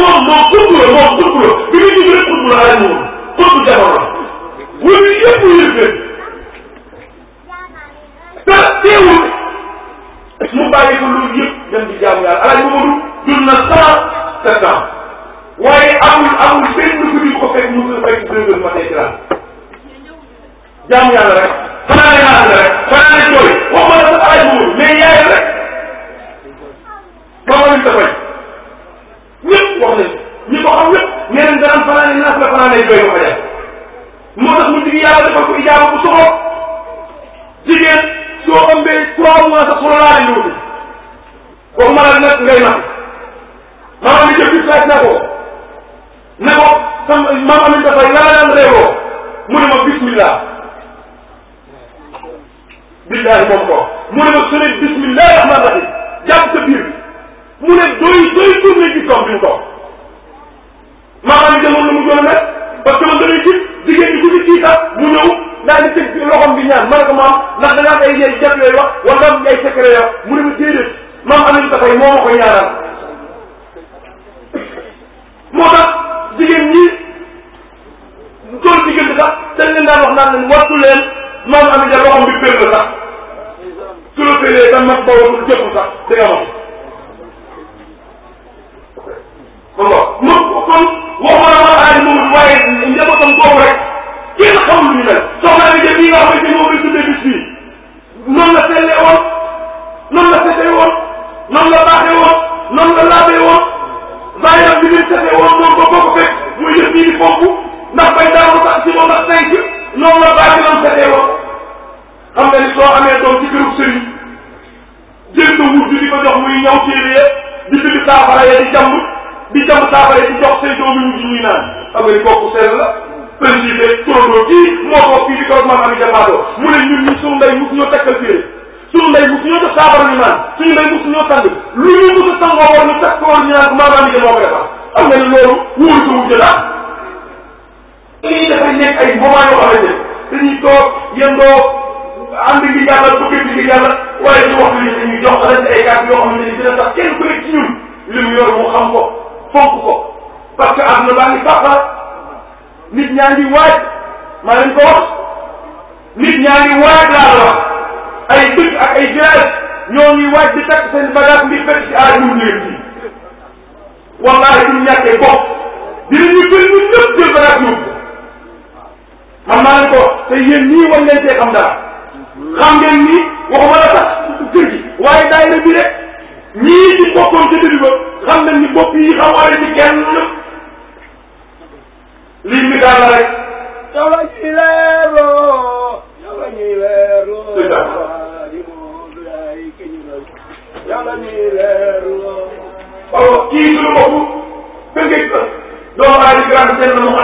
moom moom xutbu la moom xutbu la bi nga gis rek xutbu la rek moom xutbu jamono wala yëpp yëpp leen te teewul mu bàyyi ko loolu yëpp dem di jaamu yàlla alaaj Mamadou dund na cent sept ans waaye amul amul benn ko fekk mu fekk deux heures matin jaamu yàlla rek laaj na ko ne ko sam maam amin dafay la daan réewoo mu ne ma bismillah billahi moom ko mu ne ma su ne bismillahi rahman rahim jàpp sa biir mu ne doy doy tourné gis doom bi mu ko maam amin demoon na mu joon nag parce que man damay gis jigéen ñi ci kii sax mu ñëw daal di tëj loxoom bi ñaan ma ne ko maam ndax da ngaa ay ay jàpp yooyu wax wala am ay secret yoo mu ne ma déedéet maam amin dafay moo ma ko ñaanal moo tax jigéen ñi ñu toll diggante sax dañ leen daan na sax moom kon waxumala ma aay moom waaye njabootam boobu rek kenn xamul ñu mel soxna Ami Dia bii nga xamante ni moom la tuddee bis bii noonu la sellee woon noonu la setee woon noonu bàyyam bi ñu tase woon moom ba bokk fekk muy def nii di foofu ndax bay daaw sax si moom ak cinq noonu la bàyyi doon tasee woon xam nga ni soo amee doom ci kërub sëriñ jël nga wut di ko jox muy ñëw téere ya di bind saafara ya di jàmb di jàmb saafara ya di jox say doom yu ñuy naan xam nga ni kooku sell la président turandoo kii moo ko fii di ko man ami jamaatoo mu ne ñun ñu suñu ndey mos ñoo takkal téere suñu mbay bu suñoo def saafara ñu naan suñu mbay bu suñoo tànn lu ñu mën a sangoo war ñu teg ko woon ñu naan maanaam liggéey moo koy defar am nga ni loolu wóoru ko wujj daal lii dafay nekk ay moment yoo xam ne dañuy toog yendoo ànd ngi yàlla bëgg ngi yàlla waaye ñu wax li dañuy jox lañ ay kàddu yoo xam ne ni dina tax kenn ku nekk ci ñun li mu yor mu xam ko fonk ko parce que am na baa ngi fàqa nit ñaa ngi waaj maa leen ko wax nit ñaa ngi waaj laa la wax ay dëkk ak ay village ñoo ngi waaj di takk seen bagage ngir bëri ci aar ñun leen ci wallaahi ñàkkee bopp dinañu bëri ñun ñëpp jël bagage yóbbu man ko te yéen nii war ngeen cee xam dara xam ngeen ni waxuma la kër gi waaye daay la bi rek ñii ci bokkoon ca début xam nañ ni bopp yi xam wala ci kenn lii mi daal la rek seetlu mu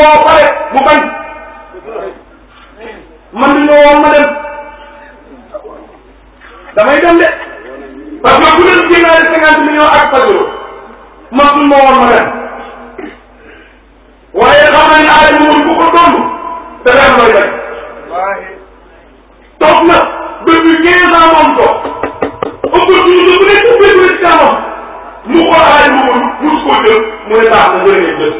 woo pare mu bañ man du ñu woon ma dem damay dem de parce que bu leen génnaale cinquante millions ak fajoro man du ñu woon ma dem waaye xam naa ne aada moom bu ko doon dana am looy def toog na depuis quinze ans moom toog opportunité bu nekk ubbeeku la ci kanam mu xool aada moom mu ko jël mu ne baax na nga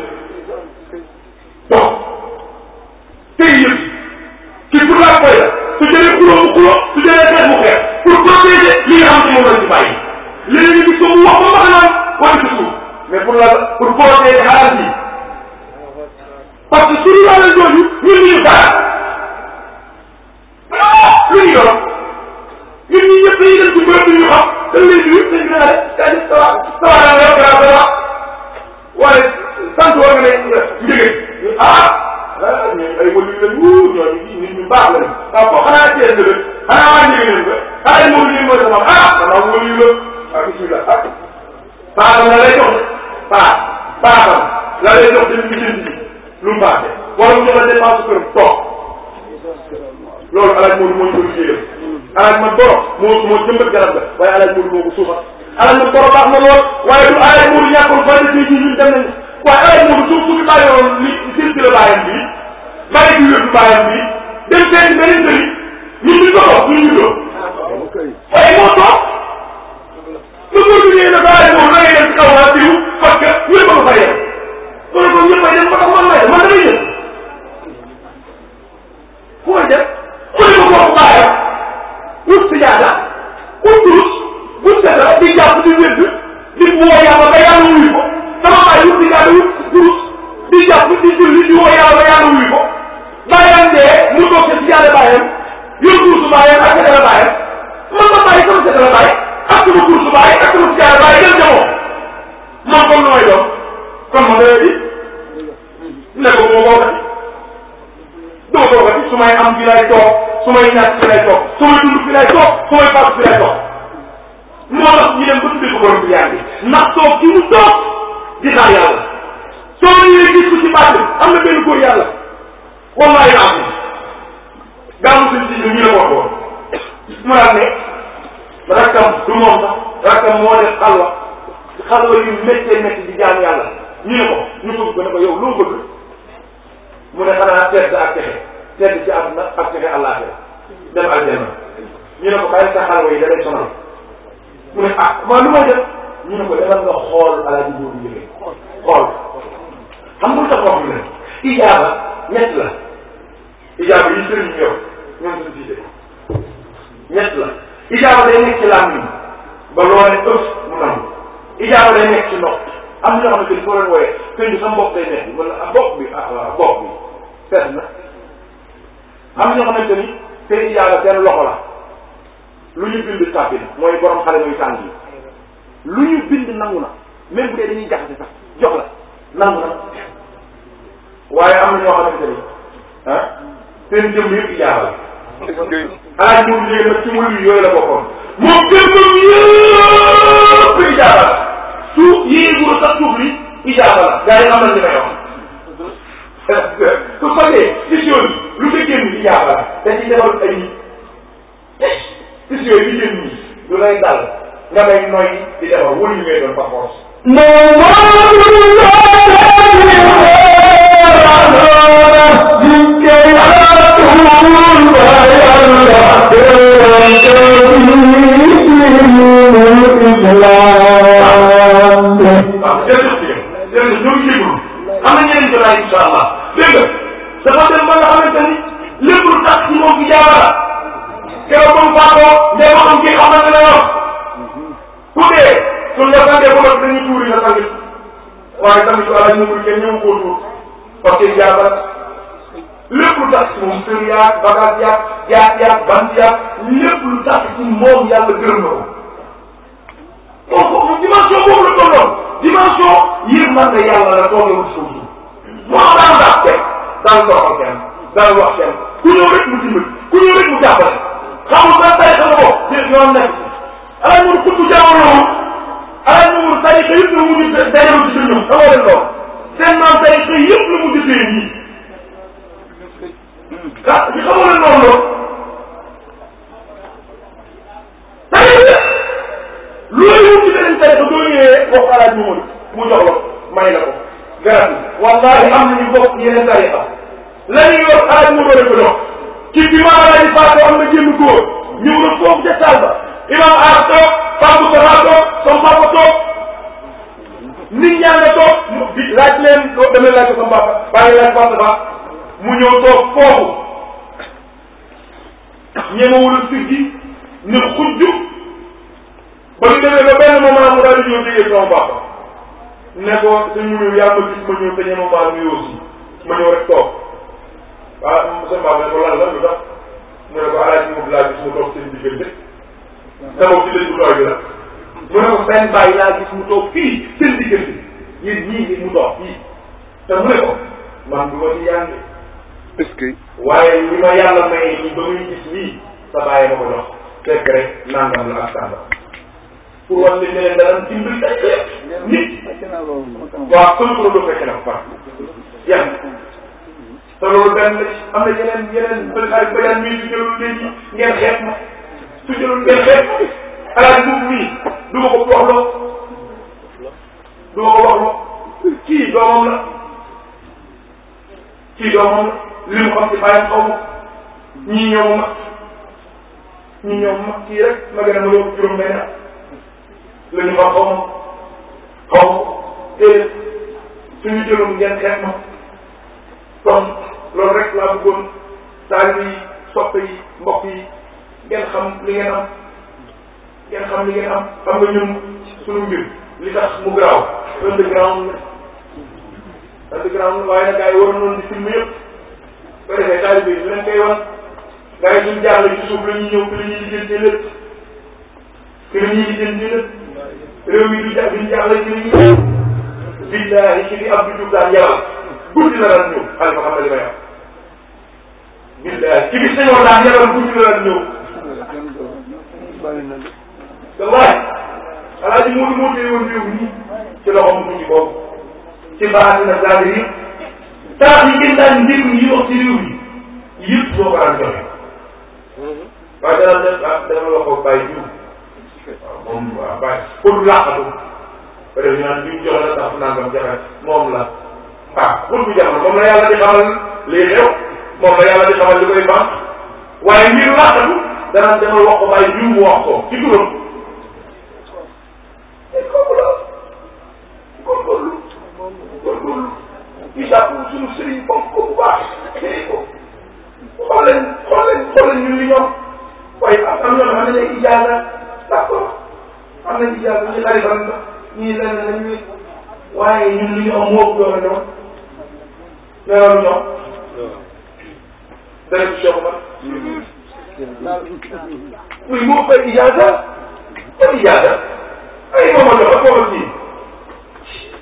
toog su may faru si lay toog moo tax ñu dem ba tuddee ko borom bi yàgg ndax toog ci mu toog di xaar yàlla soo ñëwee gis ko ci bàtt am na benn góor yàlla wallaay naa ko gàmmu sëñ si ñu la ko waxoon mu daal ne rakkam du moom sax rakkam moo def xalwa xalwa yu méttee métti di jaam yàlla ñu ne ko ñu bëgg ko ne ko yow loo bëgg mu ne xanaa tedd ak texe tedd ci àdduna ak texe àllaaxira dem aljanna ñu ne ko kaay sa xarala yi da lay sonal mu ne ah man lu may def ñu ne ko defal nga xool alaaji góor bu jógee xool xam nga lu tax wax ne ijaaba ñett la ijaaba yi sëriñ ñëw ñoom suñu diisee ñett la ijaaba day nekk ci làmmiñ ba loolee ëpp mu nangu ijaaba day nekk ci nopp am na ñoo xamante ni foo leen wooyee këñ bi sa mbokk day nekk mën na ah bopp bi ah waaw bopp bi fees na am na ñoo xamante ni seen ijaaba seen loxo la. lu ñu bind tàbbi na mooy borom xale muy tàng yi lu ñu bind nangu na même bu dee dañuy jaxase sax jox la nangu na waaye am na ñoo xamante ni ah seen jëm yëpp jaara la. alaaj moom léegi nag ci wëlu yooyu la bokkoon moom jëmmam yëpp ijaaba la suuf yéegul sax suuf li ijaaba la gars yi xam nañ li may wax su xoolee question bi lu fekkee ni ijaaba la dañuy defal ay picc yooyu li ngeen lu lay dal nga lay noy di defar wóor yi ngay doon par force. Allah ku dee suñ la santee ba noppi dañuy tuuri la sànni waaye tamit wala ñu ngi kenn ñëw koo tuur parce que jaabar lépp lu tax moom kër yaag bagaas yaag jaat yaag bant yaag lépp lu tax ci moom yàlla gërëm na ko donc dimension boobu la tolloon dimension yërmande yàlla la toogewul suuf mu am daan baax kenn daan doxal kenn daan wax kenn ku ñëw rek mu dimbali ku ñëw rek mu jàppale xamul ban tay sa bopp déet yoon nekk alaay moom kuttu jaawul moom alaay moom tariqa yëpp la mujj dajalu ci ñoom da leen lool seen maam tariqa yëpp la mujj tey ñii ah ñu xamoo leen loolu lool tariqa loolu yëpp ci beneen tariqa doo ñëwee wax alaay mu mu jox la may la ko garab wallahi am nañu bokk yeneen tariqa la ñuy yor alaay mu ko jox ci bi ma alaay faatoo am na jënd góor ñëw na foofu ca Saalba imam aas toog Pape Moustapha toog sama papa toog nit ñaa nga toog di laaj leen doo demee laaj ko sama papa bàyyi laaj Pape Moustapha mu ñëw toog foofu ñemewul siggi ni xujju ba ñu demee ba benn moment mu daal di ñëw déggee sama papa ne ko suñu ñëw yaa ma gis ma ñëw te ñema maa nuyoo aussi ma ñëw rek toog waaw sama papa ne ko lan la lu tax mu ne ko mu laa gis mu toog seen diggante te moom ci dëkk bu tooy bi la. mu ne ko benn bàyyi laa gis mu toog fii seen diggante yéen ñii ngi mu toog fii te mu ne ko man du ma ci yànge. est-ce que. waaye li ma yàlla maye nii ba muy gis nii sa bàyyi ma ko jox fekk rek nangam la ak sàngam pour wax ne leen dara dimbali ay nit. waaw soo ko doon fekk na ko far yan. te loolu benn am na yeneen yeneen bëri ay bëri at mi ngi jëloon léegi ngeen xeex su jëloon benn benn alaaj boobu mii du ma ko wax loo du ma ko wax loo kii doomam la kii doomam la li mu xam ci bàyyam ma ñii ñëw ma ñii ñëw ma kii rek ma gën a ma yóbbu juróom benn la ñu wax xaw ma xaw ma te suñu jëloon ngeen xeex ma kon loolu rek laa bëggoon taal yi sopp yi mbokk yi ngeen xam li ngeen am ngeen xam li ngeen am xam nga ñun suñu mbir li tax mu garaaw underground la underground waaye nag gars yi waroon noonu di film yëpp ba defee taalibe yi leen koy wan gars yi suñu jàll ci suuf la ñuy ñëw fi la ñuy lijjanti lépp fi la ñuy lijjanti lépp réew yi du ja duñ jàll ci li ñuy ñëw billahi ci li Abdou Diouf daan yàlla guddi la daan ñëw xale ba xam na li may am billahi ci bis dañoo daan guddi la bari na de. wallaay alaaji Modou moo téye woon réew mi ci loxo mu tuuti boobu ci baax na daal yi taax yi gën daan njëriñ yi wax ci réew mi yëpp soo ko daan joxe mhm. waaye dana def ah dana la ko bàyyi jiw waaw moom waaw bàyyi pour laqatu ba def ñu naan jiw joxe na sax nangam joxe moom la ah pour bu jaxal moom la yàlla di xamal lii xew moom la yàlla di xamal li koy baax waaye ngir laqatu danaan demal wax ko bàyyi jiw mu wax ko ci turam ay kooku la góorgóorlu góorgóorlu ñu jàpp suñu sëriñ fonk ko bu baax téye ko xool leen xool leen xool leen ñu li ñoom waaye am na ñoo xam ne dañuy ijaasa d'accord am nañ ijaasa ci xaritam la ñuy lenn nañu waaye ñun li ñu am moo ko doon ñoom ñoo ñoom. dara ci Cheikh Oumar mm-hmm. oui moo fay ijaasa fay ijaasa ay moom ak moom ak ñii.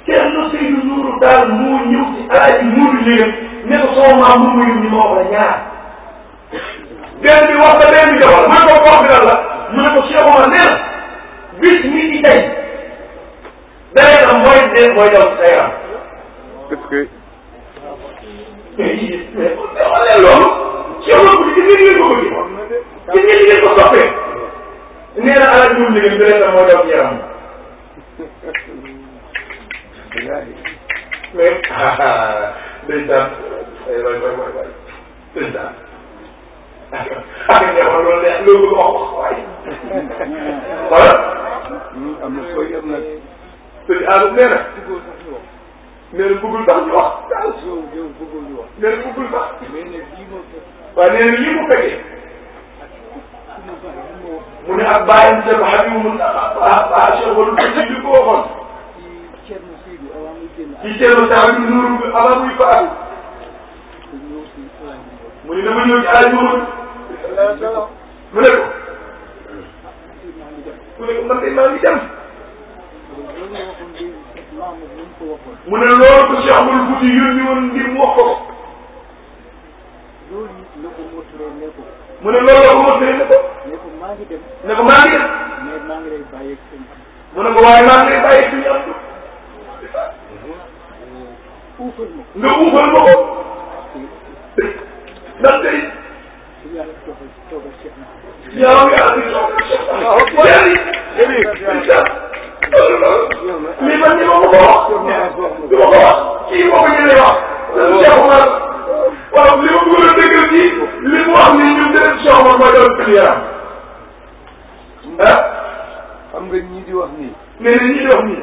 Thierno Seydou Nourou daal moo ñëw ci alaaji Nourou Léem ne ko sama maam mu muy ñu moo ko ñaar. benn bi wax la benn bi jox la mu ne ko wax bi lan la mu ne ko Cheikh Omar nee na bis mi ngi tey day am mooy dee mooy daw day am. est-ce que. mais loolu. Cheikh Omar bu di gis ngeen yéen ñëpp ngeen ko toppee nee na alal jiw bi ngeen gën a moo doon yaram. mais ah président waay waay waay waay président ah nga xam loolu de loolu wax waay voilà. am na solo yëpp nag. sëñ Adama nee na. nee na bëggul sax ñu wax. nee na bëggul sax. waaye nee na lii mu fekkee. mu ne ak bàyyam Seydou Habibou ah ah Cheikhul Khadim li ko waxoon ci Thierno Sall bi nuuru bi avant muy faatu mu ne dama ñëw ci àll bi mu ne ko mu ne ko man de maa ngi dem mu ne loolu ko Cheikhul Khadim yónni woon ngir mu wax ko mu ne loolu la ko mos ne ko. ne ko maa ngi dem. ne ko maa ngi dem. mais maa ngi lay bàyyi ak suñu am. mu ne ko waaye maa ngi lay bàyyi ak suñu am. uufal ma. nga uufal ma ko. ndax tey. yàlla toogal toogal Cheikh na. yàlla nga yàlla di toogal Cheikh na. waaw waaw yàlla yi. incha allah. loolu loolu. mais man ni ma ko wax. du ma ko wax kii moo ko jëlee wax. mais nag ñi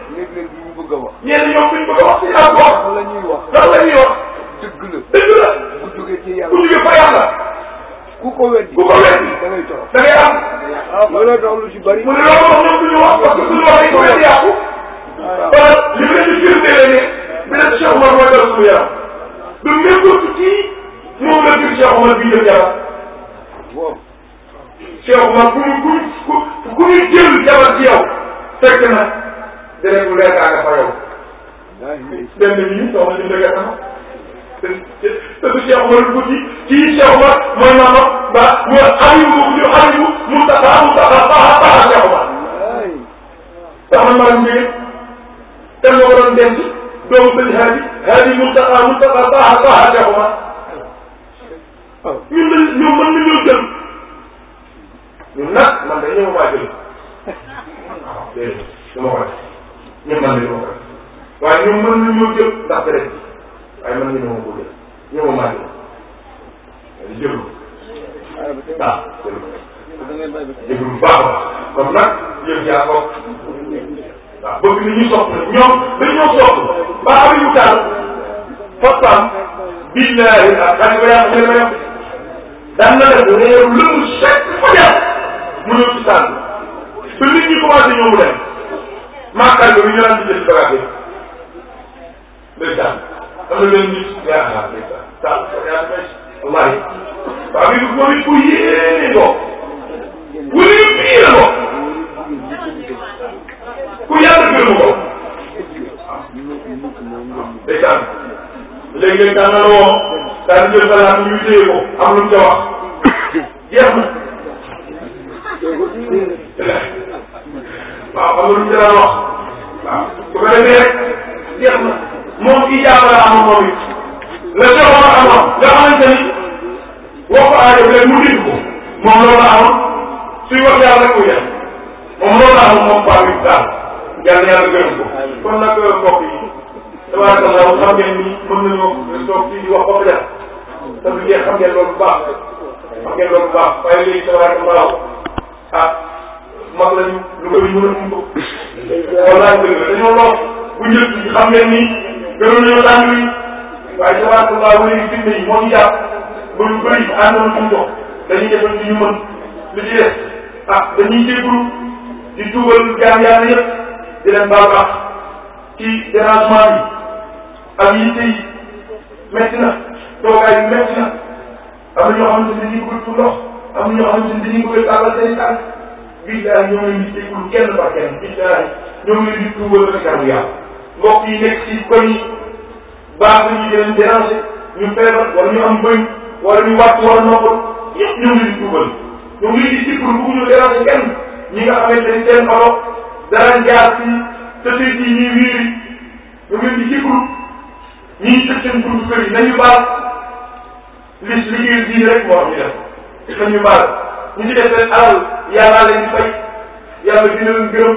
dëgg Cheikh Omar Fouti kii Cheikh Omar mooy maama ba ñu xaribu ñu xaribu Moustapha Moustapha Paxa Paxa Cheikh Omar. tax na maa ngi jógee kenn nga ko doon denc doomu sëñ Hadi Hadi Moustapha Moustapha Paxa Paxa Cheikh Omar waaw ñun dañ ñoom mën nañoo jël ñun nag man de ñoom waa jël waaw déedéet du ma ko def ñoom man de du ma ko def waaye ñoom mën nañoo jël ndax deret waaye mën nañoo ko jël. yow maa ngi jëlu waaw jëlu bu baax kon nag yéen yaa ko waaw bëgg ni ñu sopp ñoom dañoo sopp ba amuñu taal Fapal billahi ak ah, xale ba yàq xale ba yàq daan na def réew lëmu chaque fajar mu ñëw ci taal ba nit ñi commencé ñëw mu dem maakaay yooyu ñu naan di jël bagaas yi day taal 80 yaa xaar day tax taal yaa xaar wallaahi waa bi moom it bu yéene ko bu yéene ko ku yàlla gërëm ko waaw day tax léegi nag daan na la woo daan jël balaa ñu téye ko am lu mu ca wax jeex na waaw am na lu mu ca daan wax waaw su ko defee rek jeex na. moom ijaaba la amoon moom it la joxoon amoon nga xamante ni woo ko aajo bi mu dindi ko moom loolu la amoon suy wax yàlla ku def moom loolu la amoon moom quoi bi daal yàlla yàlla gërëm ko kon nag euh, mbokk yi tabarakallahu xam ngeen ni mën nañoo toog fii di wax ba fa te bu jeex xam ngeen loolu bu baax xam ngeen loolu bu baax waaye léegi tabarakallahu ah mag lañu lu bëri mën a mën ko. wallaahi dëgg la dañoo loo bu njëkk xam ngeen ni. yoroon nañu tànk yi waaye tabaarkalla wala firnde yi moo ñu jàpp ba ñu bëri àndoon suñu dox dañuy defal li ñu mën li ci des ah dañuy jéggalu di dugal jaam yàlla yëpp di leen baal baax ci dérangement bi ak yitte yi métti na toogaay bi métti na am na ñoo xamante ne dañuy bëgg tuur ndox am na ñoo xamante ne dañuy bëgg tàllal seen tànk billaay ñoo ngi leen di jéggalu kenn par kenn billaay ñoo ngi leen di tuubal rek jaamu mbokk yi nekk ci koñ yi baax na ñu leen déranger ñu feebar wala ñu am bëñ wala ñu wàcc wala noppal yëpp ñoo ngi di dugal ñoo ngi di sikkur bugg ñu déranger kenn ñi nga xamante ni seen oto dara jaar ci société yi ñuy wiiri ñu ngi di sikkur ñiy tëj seen buntu kër yi nañu baal li liggéey bii rek moo am ñu def nañu baal ñu ci def seen alal yàllaa leen di fay yàlla dina leen gërëm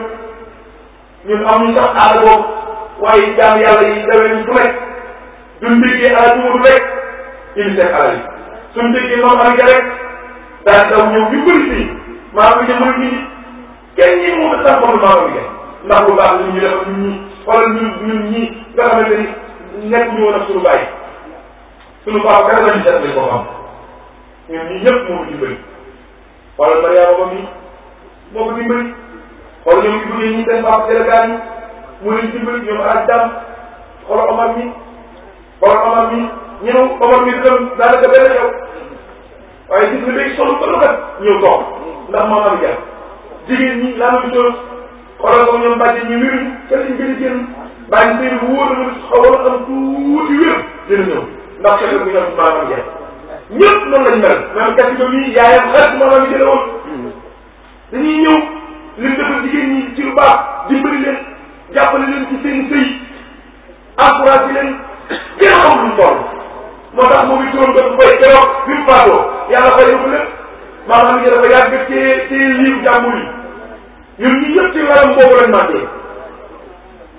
ñun amuñu sax aada boobu waaye jaam yàlla yi dawee su rek duñ déggee à tuur rek indi seen alal yi suñ déggee noonu ak rek daan daw ñëw ñu bëri fii maa ngi jëm rek nit kenn ñi moom sax xamul maa ngi koy ndax lu baax ñun ñu def ñun ñi wala ñun ñun ñi nga xamante ni nekk ñu woon ak suñu bàyyi suñu baax quatre-vingt-dix-sept lañ ko xam ñun ñi ñëpp moo ko dimbali wala Mariama ba mi moo ko dimbali wala ñoom ñu bëggee ñi seen baax délégat yi mu leen dimbali ñoom alaaj dam xoolal Omar mi xoolal Omar mi ñëw Omar mi itam daanaka benn yow waaye gis nga léegi solo bëgg kat ñëw toog ndax maam am jàpp jigéen ñi la même chose xoolal ko ñoom bàjje ñu wéruñ ca liñ gën a génn bàyyi seen wóor na xaw a am tuuti wér dina ñëw ndax fekk bu ñoom maam am jàpp ñëpp noonu lañ mel même kasi ba mii yaayam xarit maam am jële woon hmm. dañuy ñëw liñ defal jigéen ñi ci lu baax dimbali leen jàppale leen ci seen sëy encouragé leen gën a xam lu mu toll moo tax moom it doon ba bay keroog bi mu faatoo yàlla fay ko lépp maanaam ñu dafa yàgg ci ci liiru jàmbur yi ñun ñi ñëpp ci weram boobu lañ màggee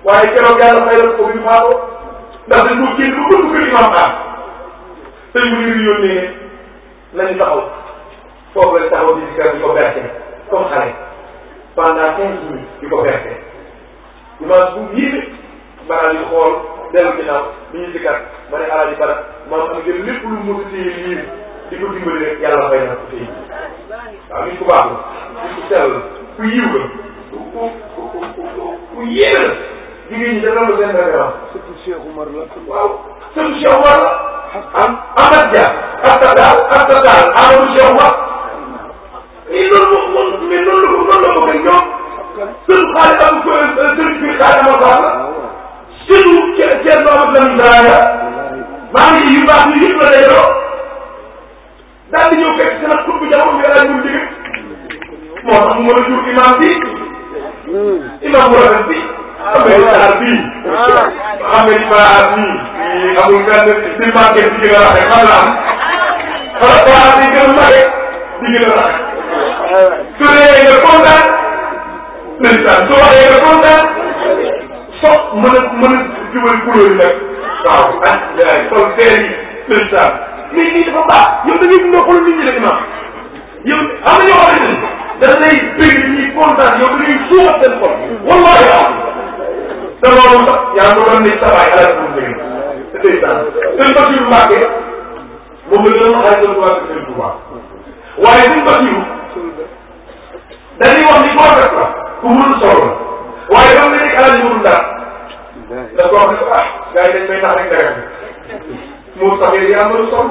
waaye keroog yàlla fayal ko bi mu faatoo ndax dañ ko génn ba bëgg kër imam aar te ñu ngi yónnee nañ taxaw foofu la taxaw di si kër di ko berke comme xale pendant quinze minutes di ko berke image bu yéeme balaa di xool dellu ginnaaw bi ñu si kat ma ne alaaji bala maam am ngeen lépp lu mu téye lii di ko dimbali rek yàlla fay na ko téye waaw nit ku baax la nit ku sell la ku yiw la ku ku ku yéeme la jigéen ñi dafa am benn référence. surtout Cheikh Oumar la. waaw surtout Cheikh Oumar la. am Amath Dia. Atta Daal Atta Daal Amadou Cheikh Oumar. xalaat bii amul benn ci marché bi gën a rafet fan la am xalaat xalaat yi gën a mare di gën a rafet su dee nga kontaan président su waxee nga kontaan so mën a mën a jubal couleur yi nag waaw ah jaay sol teer yi président mais lii dafa baax yow da ngay dundoo xool nit ñi la imam yow am na ñoo xam ne dana lay bëgg ñuy kontaan yow da ngay suuxat seen xol wallahi te loolu sax yaa ngi doon nekk sa waay alal bu mu bëri c'est ça seen basiru mbàkke moom la doon xaaj doon waa seen tubaab waaye seen basiru dañuy wax ni prophète la ku mun solo la waaye dama nga nekk alal yi mënul dara da ko wax ne ah gars yi dañ may nax rek dara moom sax yéen yaa mën a sol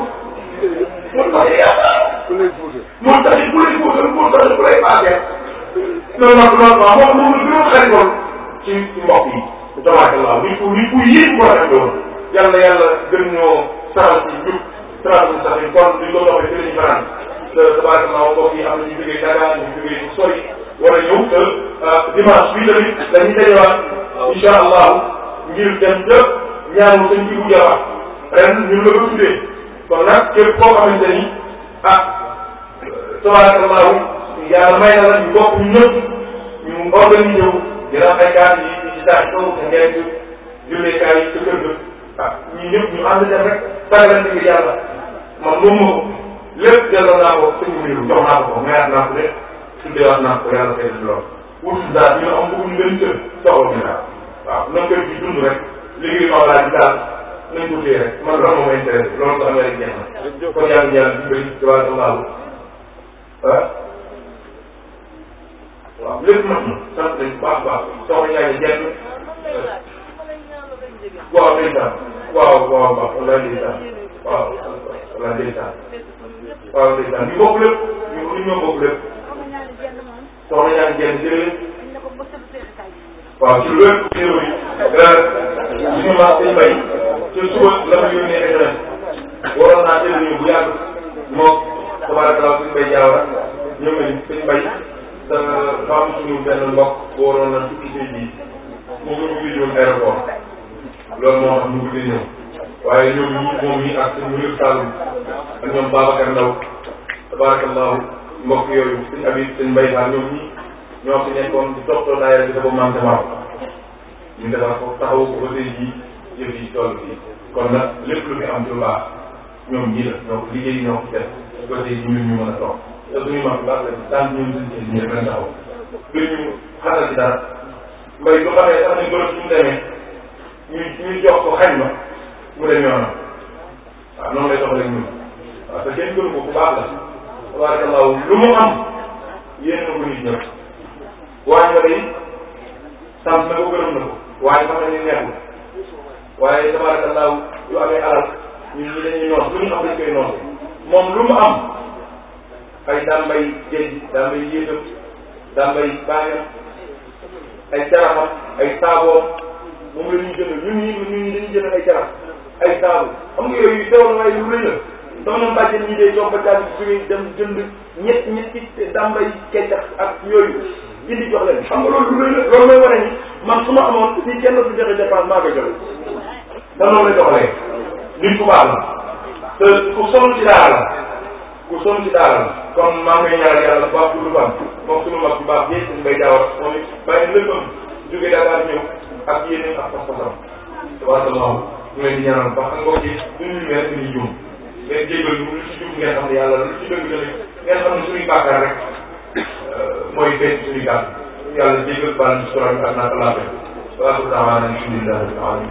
moom sax yéen yaa moom sax ku lay puudar moom sax ku lay paasee non non non moom moom la gënoon xarit woon ci mbokk yi tabaarakallah nit ku nit ku yéeg war a doon yàlla yàlla gën ñoo saral ci jub saral ci sax yi kon li ko doxee ci la ñu faral te tabaarakallah mbokk yi am na ñu jógee Dakar ñu jógee sori war a ñëw te ah, dimanche bi tamit dañuy dajewaat incha allah ngir dem jë ñaanu sëñ bi bu jawaat ren ñun la ko tuddee kon nag képp koo xamante ni ah tabaarakallah yàlla may na la ñu bokk ñu ñëpp ñu organiser wu di rafetkaat yi station ngeen jullikaay yi ca kër ga waaw ñun ñëpp ñu ànd dem rek sagalante ngir yàlla man moom moo ko lépp delloo naa ko suñu mbiru jox naa ko mayaat naa ko lépp tuddeewaat naa ko yàlla fay lool wutul daal ñu ne am bëgguñu benn kër soxla ñu daal waaw na kër bi dund rek liggéey ma laa di daal nañ ko téye rek man loolu moom mooy intérêt loolu ko amee rek jeex na kon yàlla ñaan di bëri ci wàllu mbaalu ah waaw lépp nag sant nañu bu baax baax soxna Ndiaye di jenn waaw ndeysaan waaw waaw baax walaay ndeysaan waaw walaay ndeysaan waaw ndeysaan ñu bokk lépp ñu ñu ñoo bokk lépp soxna Ndiaye di jenn jërëjëf waaw ci lépp réew yi suñu wax suñu bay ci suba la mu yónnee écran waroon naa teel ñu bu yàgg moom tabaaraka suñu bay jaawara ñoom it suñu bay dafa am suñu benn mbokk bu waroon na tukki tey jii mu ngi ubbi jëm aéroport loolu moo tax ñu bëgg a ñëw waaye ñoom ñi moom yi ak suñu yëpp Saloum ak ñoom Babacar Ndaw tabarakallahu mbokk yooyu suñ abit suñ mbay sax ñoom ñi ñoo fi nekkoon di toppatoo daayira bi dafa manqué maaw ñu defar ko taxawu ko ba tey jii yëf yi toll fii kon nag lépp lu fi am ci lu baax ñoom ñii la ñoo ko liggéey ñoo ko def ba tey ñun ñu mën a toog te suñu mag baax na ci daan ñëw si ñun ñëpp taxaw ngir ñu xatal ci dara mbay bu xamee sax ne bërëb suñu demee ñu ñu jox ko xañ ma mu dem yoonam waaw noonu lay doxalee ñun waaw te kenn gënu ko ku baax la tabarakallahu lu mu am yéen na ko nit ñëpp waaye nga day sant na ko gërëm na ko waaye xam nañu neexul waaye tabarakallahu yu amee alal ñun ñu dañuy noos lu ñu am dañ koy noos moom lu mu am ay daa mbay jëy daa mbay yéegam daa mbay baayam ay carafam ay saaboom moom la ñuy jënd ñun ñii ñun ñii dañuy jënd ay caraf ay saabu xam nga yooyu yu teewoon waaye lu rëy la sama bàjjen ñi day toog ba caa jógee dem jënd ñett ñetti daa mbay keccax ak yooyu indi jox leen xam nga loolu lu rëy la loolu mooy wane ni man su ma amoon si kenn du joxe dépense maa koy joxe te noonu la doxalee nit ku baax la te ku sonn ci daara la ku sonn ci daara la comme maa ngi ñaan yàlla bu baax lu baax moom suñu mag bu baax bi suñu bay daawar moom it bàyyi lëppam jóge Dakar ñëw ak yéene ak pas-pasam tabarakallahu ñu leen di ñaanal baax ak mbokk yi suñu lumière suñuy juum ngeen jégal ñu lu ci juum ngeen xam ne yàlla lu ci dëgg tamit ngeen xam ne suñuy bàkkaar rek euh, mooy benn suñuy gàtt yàlla jégal baal ñu sural ak naata laa bëgg waaw